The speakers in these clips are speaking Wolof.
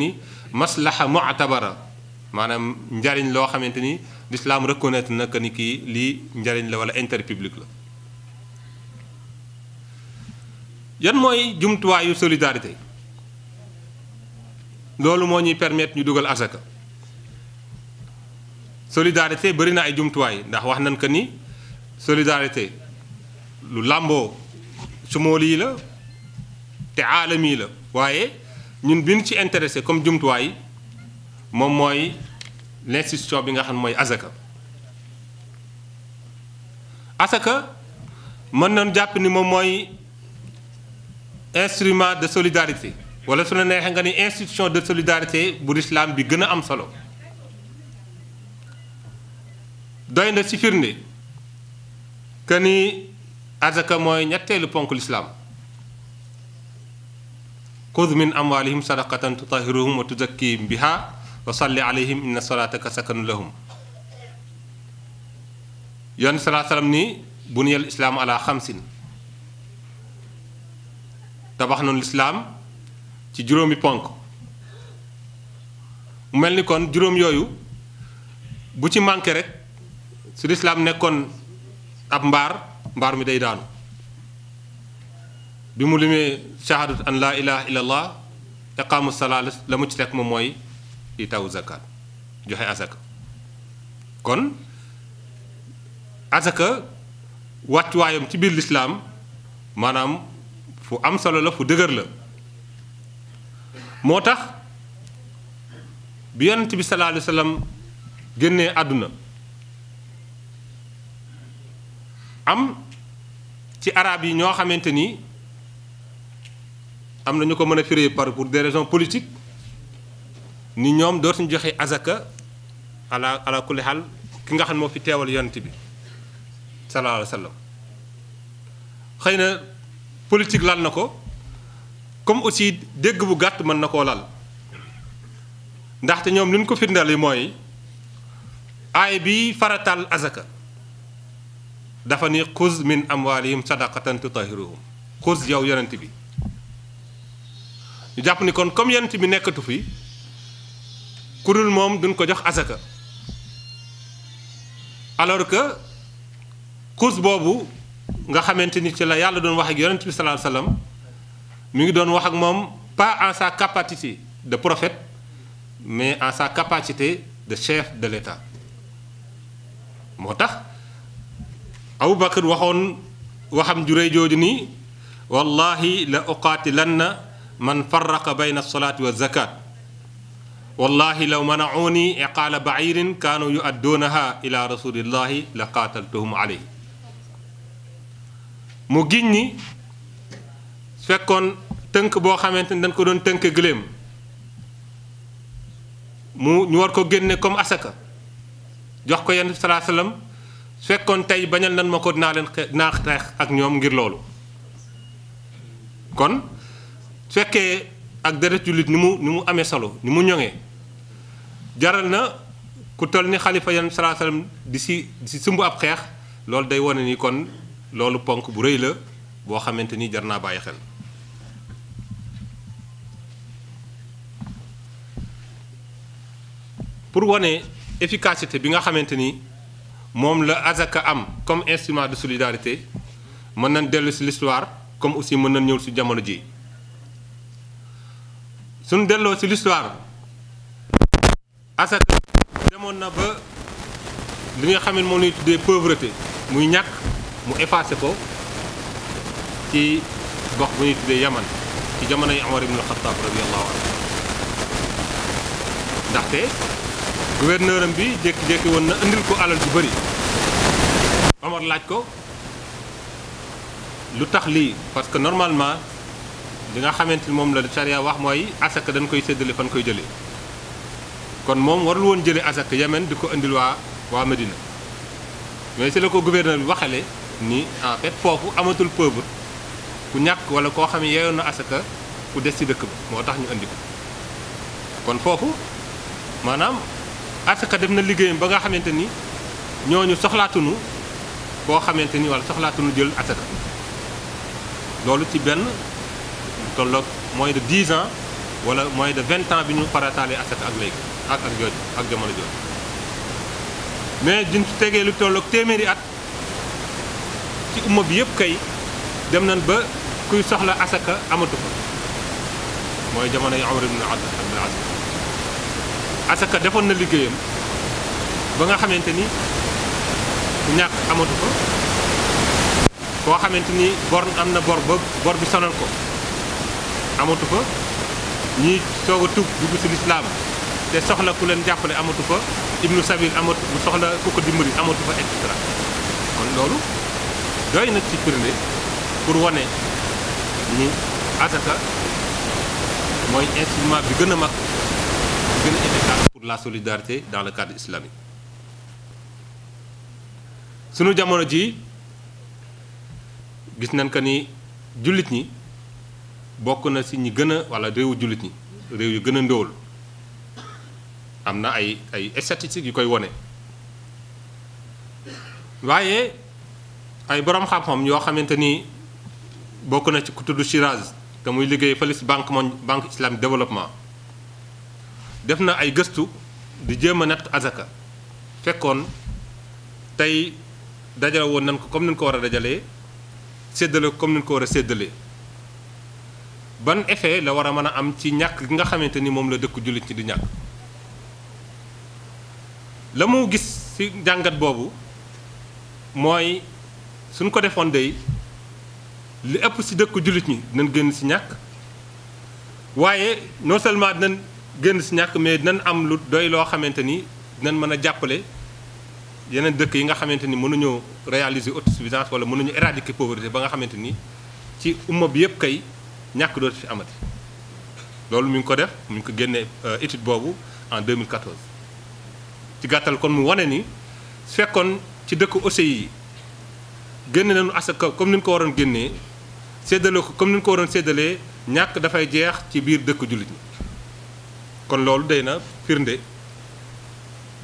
ni maslaha mu'tabara maanaam njariñ loo xamante ni l'islam reconnaître na kii lii njariñ la wala intérêt public la yan mooy jumtuwaayu solidarité loolu moo ñuy permettre ñu dugal asaka solidarité bëri na ay jumtuwaay ndax wax nañ que ni solidarité lu lamboo sumool la te aalam yi la waaye ñun bi ci intéressé comme jumtuwaay moom mooy l'institution bi nga xam mooy asaka asaka mën nañu jàpp ni moom mooy instrument de solidarité wala su la neexee nga ni institution de solidarité bu lislaam bi gën a am solo doy na ci firnde que ni asaka mooy ñetteelu ponk lislaam xud min amwalihim sadaqatan tutahiruhum wa tuzakkihim biha wa salli alayhim inna salaataka sakanu lahum yoon salaa salaam ni buniyal islaamu ala xamsin tabax noonu lislaam ci juróomi ponk mel ni kon juróom yooyu bu ci manqué rek su lislaam nekkoon ab mbaar mbaar mi day daanu bi mu limee shahadat an laa ilaha illa allah iqaamu salaa la mu ci teg moom mooy itaawu zakat joxe azaka kon azaka wàccuwaayam ci biir lislaam maanaam fu am solo la fu dëgër la moo tax bi yonent bi sallallahu alayhi wa sallam génnee àdduna am ci arab yi ñoo xamante ni am na ñu ko mën a firé par pour des raisons ni ñoom dootuñu joxe azaka ala ala kulli xaal ki nga xam moo fi teewal yonent bi sallallahu alayhi wa sallam xëy na politique lal na ko comme aussi dégg bu gàtt mën na koo lal ndaxte ñoom li ko firndeel yi mooy aay bi faratal azaka dafa ni xuz min amwalihim sadaqatan tutahiruhum xuz yow yonent bi ñu jàpp ni kon comme yent bi nekkatu fi kurul moom duñ ko jox asaka alors que course boobu nga xamante ni ci la yàlla doon wax ak yonent bi sallallahu alayhi wasallam ngi doon wax ak moom pas en sa capacité de prophète mais en sa capacité de chef de l'État moo tax Abu Bakr waxoon waxam ju rëy jooju nii wallahi la na man farraqa bayna alsolaati wa zakat wallahi law manauni iqaala bairin kaanu yuadduunaha ila rasulillahi la qaataltuhum alayhi mu giñ ni fekkoon tënk boo xamante ni dañ ko doon tënk gëléem mu ñu war ko génne comme asaka jox ko yenn salaa salaam fekkoon tey bañal nan ma ko dinaa leen dinaa xeex ak ñoom ngir loolu kon fekkee ak deret jullit ni mu ni mu amee solo ni mu ñoŋee jaral na ku toll ni xalifa yan salaa di si si sumb ab xeex loolu day wane ni kon loolu ponk bu rëy la boo xamante ni jar naa bàyyi xel. pour wane efficacité bi nga xamante ni moom la azaka am comme instrument de solidarité mën nañ dellu si l'histoire comme aussi mën na ñëw si jamono ji. suñ delloo ci l'histoire asaka demoon na ba li nga xam ne moom la ñuy muy ñàkk mu effacé ko ci gox bu ñuy tuddee yaman ci jamono yi Omar ibn Khattab radiyallahu anhu ndaxte gouverneur bi jékki-jékki woon na indil ko alal ju bëri Omar laaj ko lu tax lii parce que normalement li nga xamante ni moom la charia wax mooy asaka dañ koy séddale fan koy jëlee kon moom warul woon jëlee asaka Yemen di ko indil waa waa Medina mais si la ko gouverneur bi waxale ni en foofu amatul pauvre ku ñàkk wala koo xam ne yeyoon na asaka ku des ci dëkk ba moo tax ñu indi ko kon foofu maanaam asaka def na liggéeyam ba nga xamante ni ñooñu soxlaatunu koo xamante ni wala soxlaatunu jël asaka loolu ci benn tolloog moins de 10 ans wala moins de 20 ans bi ñu farataalee asset ak léegi ak ak jooju ak jamono jooju mais duñ ci tegee lu tolloog téeméeri at ci umma bi yëpp kay dem nañ ba kuy soxla asaka amatu fa mooy jamono yu Umar ibn Abdul Aziz asaka defoon na liggéeyam ba nga xamante ni ku ñàkk amatu fa koo xamante ni bor am na bor ba bor bi sonal ko amatu fa ñii soog a tub dugg lislaam te soxla ku leen jàppale amatu fa ibnu sabil amatu soxla ku ko dimbali amatu fa et cetera loolu doy nag ci firnde pour wane ni asaka mooy instrument bi gën a mag bi gën a efficace pour la solidarité dans le cadre islamique sunu jamono ji gis nañ ko ni jullit ñi bokk na si ñi gën a wala réewu jullit ñi réew yu gën a ndóol am na ay ay statistiques yi koy wone waaye ay borom xam-xam yoo xamante ni bokk na ci ku tudd Shiraz te muy liggéey fële si banque mon banque islamique développement def na ay gëstu di jéem a natt azaka fekkoon tey dajale woon nan ko comme ni ko war a dajalee séddale ko comme ni ko war a séddalee ban effet la war a mën a am ci ñàkk gi nga xamante ni moom la dëkk jullit ñi di ñàkk la mu gis ci jàngat boobu mooy suñ ko defoon day li ëpp ci dëkk jullit ñi dinañ génn ci ñàkk waaye non seulement dinañ génn ci ñàkk mais dinañ am lu doy loo xamante ni nan mën a jàppale yeneen dëkk yi nga xamante ni mënuñoo réaliser autosuffisance wala mënuñu éradiquer pauvreté ba nga xamante ni ci umma bi yëpp kay ñàkk dootu fi amati loolu mu ngi ko def mu ngi ko génnee euh, étude boobu en 2014 ci gàttal kon mu wane ni su fekkoon ci dëkk aussi yi génne nañu asaka comme ni ñu ko waroon génnee séddale ko comme ni ñu ko waroon séddalee ñàkk dafay jeex ci biir dëkk jullit ñi kon loolu day na firnde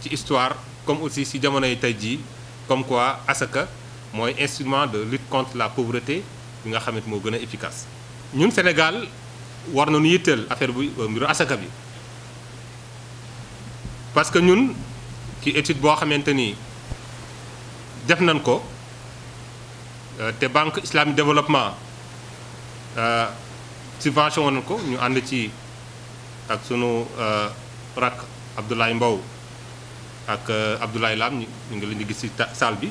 ci histoire comme aussi si jamono yi tey jii comme quoi asaka mooy instrument de lutte contre la pauvreté bi nga xamante moo gën a efficace ñun Sénégal war na nañu yitteel affaire bu euh, mbiru asaka bi parce que ñun ci étude boo xamante ni def nañ ko euh, te banque islamique développement euh, subvention woon ko ñu ànd ci ak sunu rak Abdoulaye Mbow ak Abdoulaye Lam ñu ngi leen di gis ci salle bi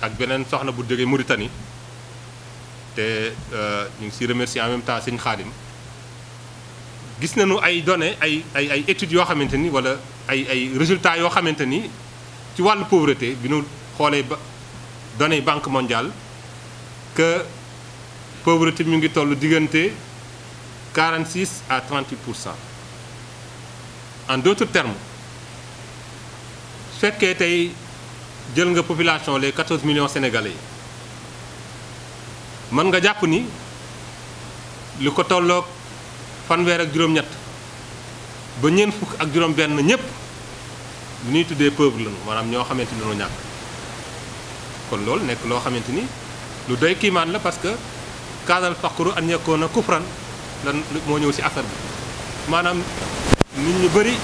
ak beneen soxna bu jógee Mauritanie. te euh, ñu ngi si remercier en même temps sëñ Xaadim gis nañu ay données ay ay ay études yoo xamante ni wala ay ay résultat yoo xamante ni ci wàll pauvreté bi nu xoolee ba données banque mondiale que bi mu ngi toll diggante 46 à 38 pour cent en d'autres terme su fekkee tey jël nga population les 14 million sénégalais. mën nga jàpp ni li ko tollook fanweer ak juróom-ñett ba ñeen fukk ak juróom-benn ñëpp li ñuy tuddee pauvre lañu maanaam ñoo xamante ni dañoo ñàkk kon loolu nekk loo xamante ni lu doy kiimaan la parce que kaanal faqru an yakuuna kufran lan moo ñëw ci asar bi maanaam nit ñu bari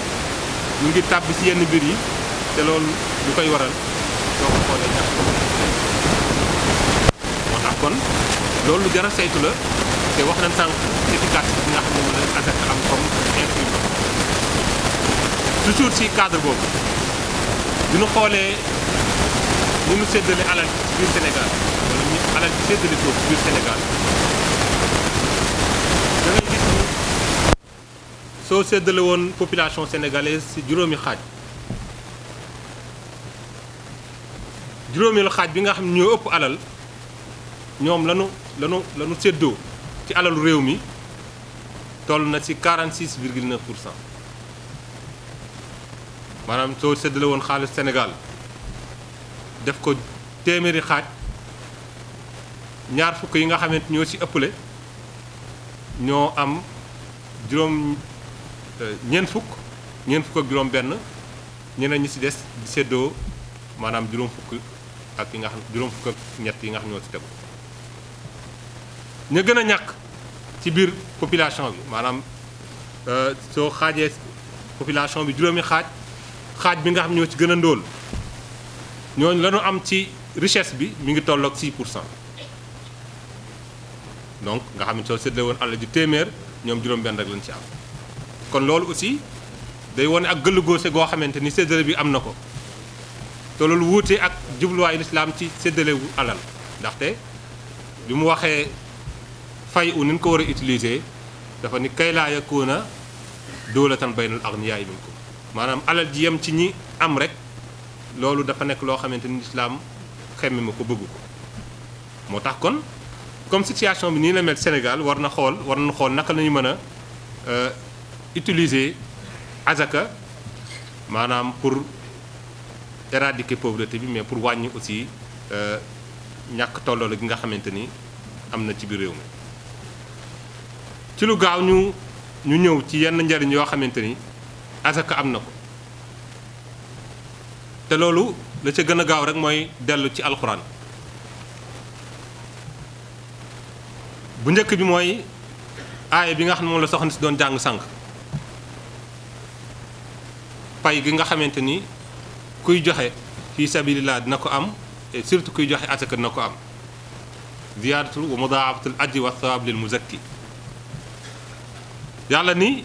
ñu ngi tàbbi ci yenn mbir yi te loolu lu koy waral doo ko xoolee ñàkk kon loolu jar a saytu la te wax nañ sànq efficacité bi bu ñu xoolee ni séddale alal biir séddale soo séddale woon population sénégalaise ci juróomi xaaj xaaj bi nga xam ne ñoo ëpp alal ñoom lanu lanu lanu séddoo ci alalu réew mi toll na ci 46 virgule 9 pour cent maanaam soo séddale woon xaalis Sénégal def ko téeméeri xaaj ñaar fukk yi nga xamante ñoo ci ëpple ñoo am juróom euh, ñeent fukk ñeent fukk ak juróom benn ñeneen ñi ci des di séddoo maanaam juróom fukk ak yi nga xam juróom fukk ak ñett yi nga xam ñoo ci tegu ña gën a ñàkk ci biir population bi maanaam euh, soo xaajee population bi juróomi xaaj xaaj bi nga xam ñoo ci gën a ndóol ñooñu la ñu am ci richesse bi mu ngi tolloog 6 pour cent donc nga xam ne soo séddale woon àll ji téeméer ñoom juróom-benn rek lañ ci am. kon loolu aussi day wane ak gëllu góose goo xamante ni séddale bi am na ko te loolu wuute ak jubluwaayu lislaam ci séddalewu alal ndaxte bi mu waxee. fay u ni ñu ko war a utiliser dafa ni kay laa yakuuna doolatan baynal agniyaay ko maanaam alal ji yem ci ñi am rek loolu dafa nekk loo xamante ni lislaam xemme ma ko bëgg ko moo tax kon comme situation bi nii la mel Sénégal war na xool war na xool naka la ñu mën a euh, utiliser azaka maanaam pour éradiquer pauvreté bi mais pour wàññi aussi euh, ñàkk tolloo la gi nga xamante ni am na ci biir réew mi ci lu gaaw ñu ñu ñëw ci yenn njariñ yoo xamante ni asaka am na ko te loolu la ca gën a gaaw rek mooy dellu ci alxuraan bu njëkk bi mooy aaye bi nga xam ne moom la soxna si doon jàng sànq pay gi nga xamante ni kuy joxe fii sabilillah dina ko am et surtout kuy joxe asaka dina ko am ziyaaratul wa mudaafatul ajri wa sawaab lil muzakki yàlla ni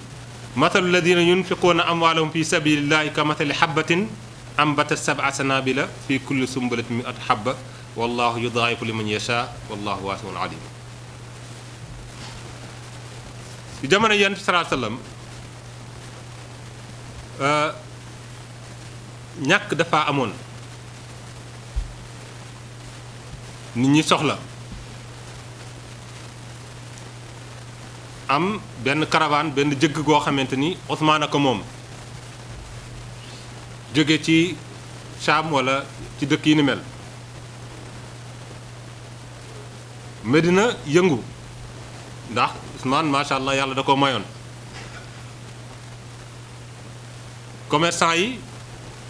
matalu ladina yunfiquuna amwaalahum fi sabilillahi ka matali xabatin ambata sab'a sanabila fi kulli sumbalatin mi'atu xabba wallahu yudaa'ifu liman yashaa wallahu waasi'un aliim ci jamono yonent bi sallallahu alayhi wasallam euh, ñàkk dafa amoon nit ñi soxla am benn caravane benn jëgg goo xamante ni Ousmane ak moom jóge ci Cham walla ci dëkk yi ni mel Medina yëngu ndax Ousmane macha allah yàlla da ko mayoon commerçant yi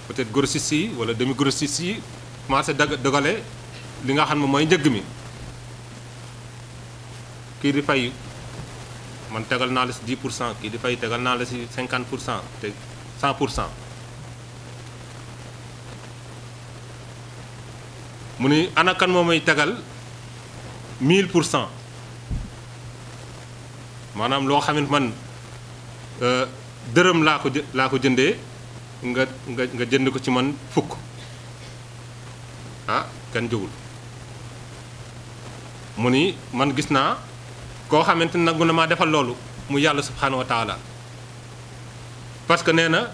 peut-être grossistes yi wala demi grossistes yi commencé dag dogale li nga xam ne mooy njëgg mi kii di fay man tegal naa la si 10 pour cent kii dafay tegal naa la si 50 pour cent te cent pour cent mu ni ana kan moo may tegal 1000 pour cent maanaam loo xamante man euh, dërëm laa ko laa ko jëndee nga nga nga jënd ko ci man fukk ah kan jógul mu ni man gis naa. koo xamante nag nangu na maa defal loolu mu yàlla subhanahu wa taala parce que nee na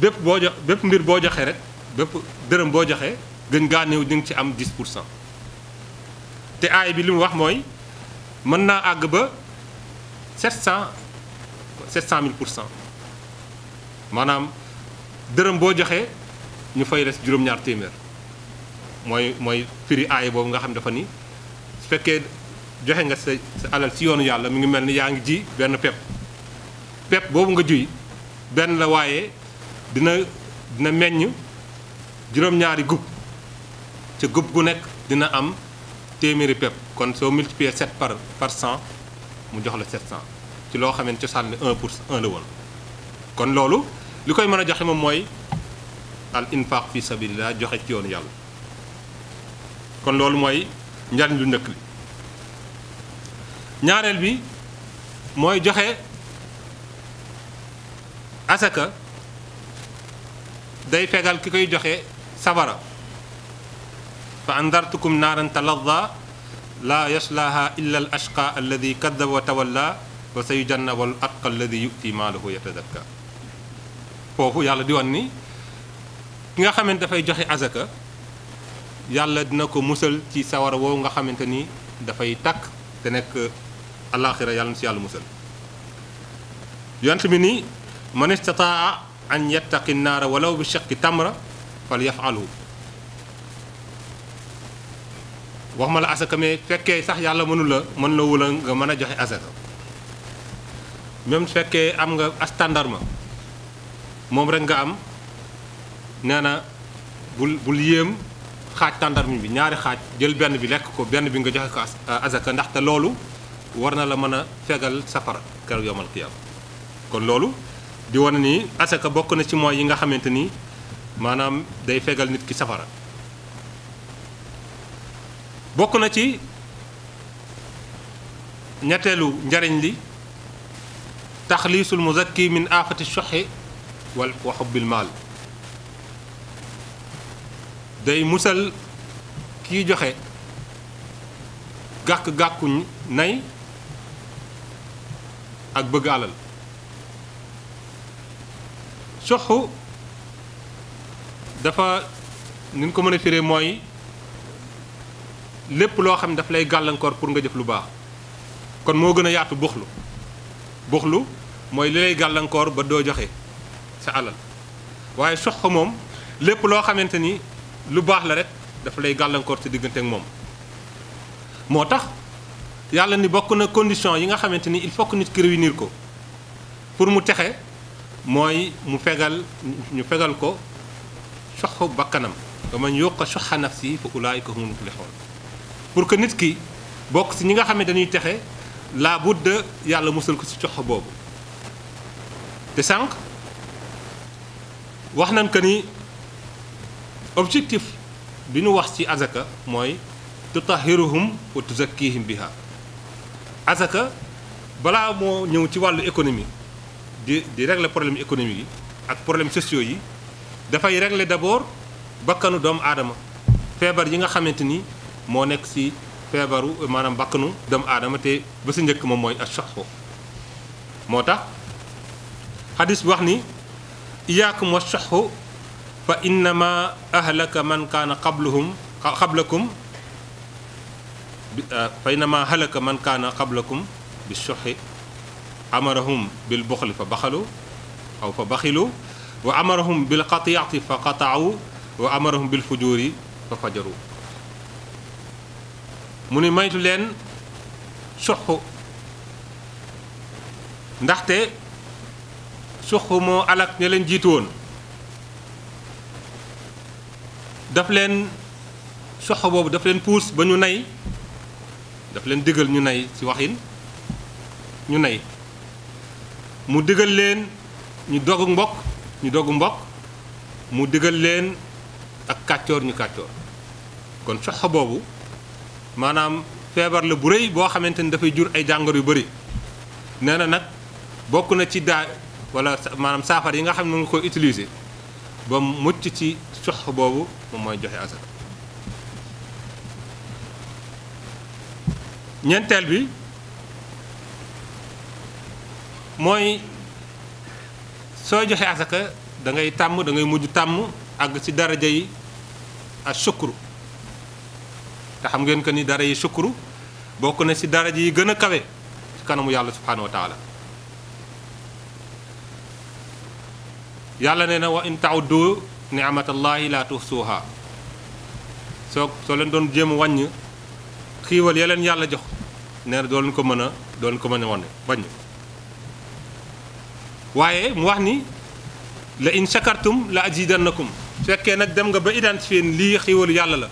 bépp boo jox bépp mbir boo joxee rek bépp dërëm boo joxe gën gaa néew di nga ci am 10 pour cent te aay bi li mu wax mooy mën naa àgg ba 700 700 000 pour cent maanaam dërëm boo joxe ñu fay res juróom-ñaar téeméer mooy mooy firi aay boobu nga xam dafa ni fekkee. joxe nga sa sa alal ci yoonu yàlla mu ngi mel ni yaa ngi ji benn pepp pepp boobu nga juy benn la waaye dina dina meññ juróom-ñaari gub ca gub gu nekk dina am téeméeri pepp kon soo multiplier 7 par par 100 mu jox la 700 ci loo xamee ne cosaan ni 1 pour 1 la woon kon loolu li koy mën a joxe moom mooy al infaq fi sabilillah joxe ci yoonu yàlla kon loolu mooy njariñ lu njëkk li ñaareel bi mooy joxe asaka day fegal ki koy joxe safara fa andartukum naaran taladda laa yaslaaha illa al ashqa alladi wa tawalla wa sa yujannabu al atqa alladi yuti maalahu yatadakka foofu yàlla di wan ni ki nga xamante dafay joxe asaka yàlla dina ko musal ci sawara woowu nga xamante ni dafay takk te nekk alaaxira yàlla na si yàlla musal yonent bi nii man istataa an yattaqi naara walaw bi shiqqi tamra fal yafalhu wax ma la asaka mais fekkee sax yàlla mënula mën la wula nga mën a joxe asaka même fekkee am nga as tàndarma moom rek nga am nee na bul bul yéem xaaj tàndarma bi ñaari xaaj jël benn bi lekk ko benn bi nga joxe ko asaka ndaxte loolu war na la mën a fegal safara kar yomal xiyam kon loolu di wane ni asaka bokk na ci mooy yi nga xamante ni maanaam day fegal nit ki safara bokk na ci ñetteelu njariñ li taxliisul muzakki min aafati soxi wal wa xubbil maal day musal kiy joxe gàkk gàkku nay ak bëgg alal soxu dafa ni ñu ko mën a firee mooy lépp loo xam ne daf lay gàllankoor pour nga jëf lu baax kon moo gën a yaatu buxlu boxlu mooy li lay gàllankoor ba doo joxe sa alal waaye sox moom lépp loo xamante ni lu baax la rek daf lay gàllankoor sa diggante ak moom moo tax yàlla ni bokk na condition yi nga xamante ni il faut que nit ki réunir ko pour mu texe mooy mu fegal ñu fegal ko soxu bakkanam wa man yuqa soxa nafsihi fa ulaayika humul muflixoon pour que nit ki bokk si ñi nga xam ne dañuy texe laa budda yàlla musal ko si cox boobu te sànq wax nañ que ni objectif bi ñu wax ci azaka mooy tutahiruhum wa tuzakkihim biha asaka balaa moo ñëw ci wàllu économie di di regle problème économique yi ak problème sociaux yi dafay régler d'abord bakkanu doomu aadama feebar yi nga xamante ni moo nekk ci feebaru euh, maanaam bakkanu doomu aadama te ba si njëkk moom mooy asaxo moo tax xadis bi wax ni iyaakum wa saxu fa innama ahlaka man kaana qabluhum qablakum fa euh, inama halaka man kaana qablakum bi suxi amarahum bil buxli fa baxalu aw fa baxilu wa amarahum bil qatiyaati fa qataawu wa amarahum bil fujuuri fa fajaru mu ni maytu leen suxu ndaxte suxu moo alak ña leen jiitu woon daf leen soxo boobu daf leen puus ba ñu nay daf leen digal ñu nay ci waxin ñu nay mu digal leen ñu dogu mbokk ñu dogu mbokk mu digal leen ak kàccoor ñu kàccoor kon soxo boobu maanaam feebar la bu rëy boo xamante ni dafay jur ay jàngoro yu bari nee na nag bokk na ci daa wala maanaam saafara yi nga xam ne nga koy utiliser ba mucc ci soxo boobu moom mooy joxe asaka ñeenteel bi mooy sooy joxe asaka da ngay tàmm da ngay mujj tàmm àgg ci daraja yi ak sukkuru te xam ngeen que ni dara yi sukkuru bokk na ci daraja yi gën a kawe ci kanamu yàlla subhaanahu wa taala yàlla nee na wa in tauddu laa la tuhsuha soo soo leen doon jéem a wàññ xiiwal ya yàlla jox nee na doon ko mën a doon ko mën a wane bañ waaye mu wax ni la in shakartum la azidannakum fekkee nag dem nga ba identifier lii xéwalu yàlla la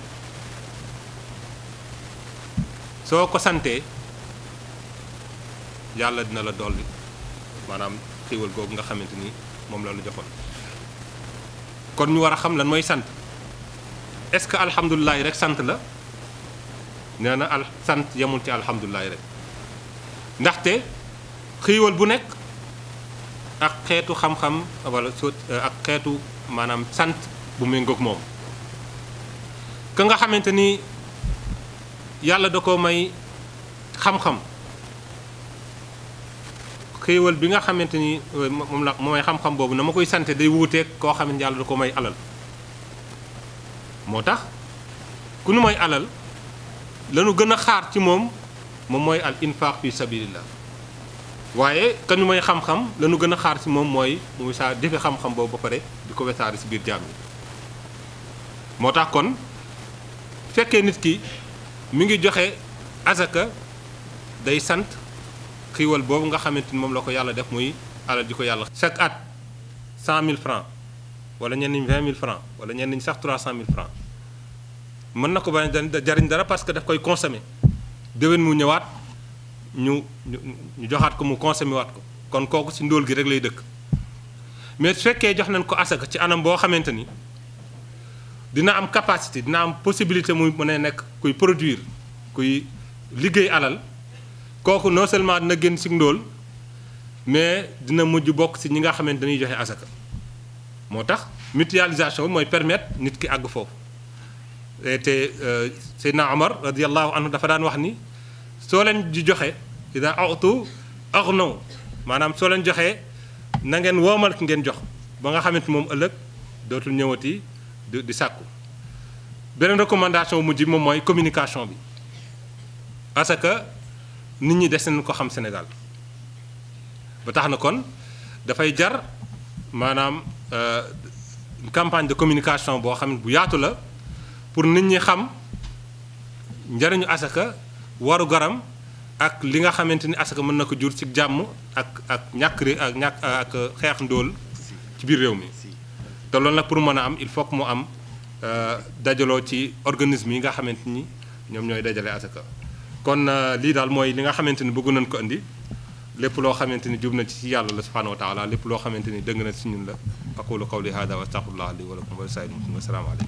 soo ko santee yàlla dina la dool bi maanaam xéwal googu nga xamante ni moom la lu joxoon kon ñu war a xam lan mooy sant est-ce que alhamdulilah rek sant la. nee na al sant yamul ci alhamdulilahi rek ndaxte xiiwal bu nekk ak xeetu xam-xam wala ak xeetu maanaam sant bu muy ngoog moom ka nga xamante ni yàlla da koo may xam-xam xéewal bi nga xamante ni euh, moom la moom may xam-xam boobu na ma koy sante day wuuteeg koo xam ne yàlla da ko may alal moo tax ku nu may alal lanu gën a xaar ci moom moom mooy al infaq fi sabilillah waaye ka ñu may xam-xam lanu gën a xaar ci moom mooy mu saa defe xam-xam boobu ba pare di ko wesaare biir jaam yi moo tax kon fekkee nit ki mi ngi joxe azaka day sant xiiwal boobu nga xamante ni moom la ko yàlla def muy alal ji ko yàlla chaque at 100000 francs wala ñenn ñi 20000 francs wala ñenn ñi sax 300000 francs mën na ko bañ jariñ dara parce que daf koy consommer déwén mu ñëwaat ñu ñu joxaat ko mu consommer waat ko kon kooku ci ndóol gi rek lay dëkk mais su fekkee jox nañ ko asaka ci anam boo xamante ni dina am capacité dina am possibilité muy mën a nekk kuy produire kuy liggéey alal kooku non seulement dina génn ci ndóol mais dina mujj bokk ci ñi nga xamante dañuy joxe asaka moo tax mutualisation mooy permettre nit ki àgg foofu Eh, te eh, Seydina Omar radiyallahu anhu dafa daan wax ni soo leen di joxe ida awtu axnaw maanaam soo leen joxee na ngeen woomal ki ngeen jox ba nga xamante moom ëllëg dootul ñëwati di sàkku beneen recommandation mujj moom mooy communication bi parce que nit ñi des nañ ko xam Sénégal ba tax na kon dafay jar maanaam euh, campagne de communication boo xam ne bu yaatu la pour nit ñi xam njariñu asaka waru garam ak li nga xamante ni asaka mën na ko jur ci jàmm ak ak ñàkk ak ñàkk ak xeex ndóol ci biir réew mi te loolu nag pour mën a am il faut mu am euh, dajaloo ci organisme yi nga xamante ni ñoom ñooy dajale asaka kon euh, lii daal mooy li nga xamante ni bëgg nañ ko indi lépp loo xamante ni jub na ci yàlla la subhanahu wa lépp loo xamante ni dëng na ci ñun la aqulu qawli hada wa astaghfirullah li wa lakum wa li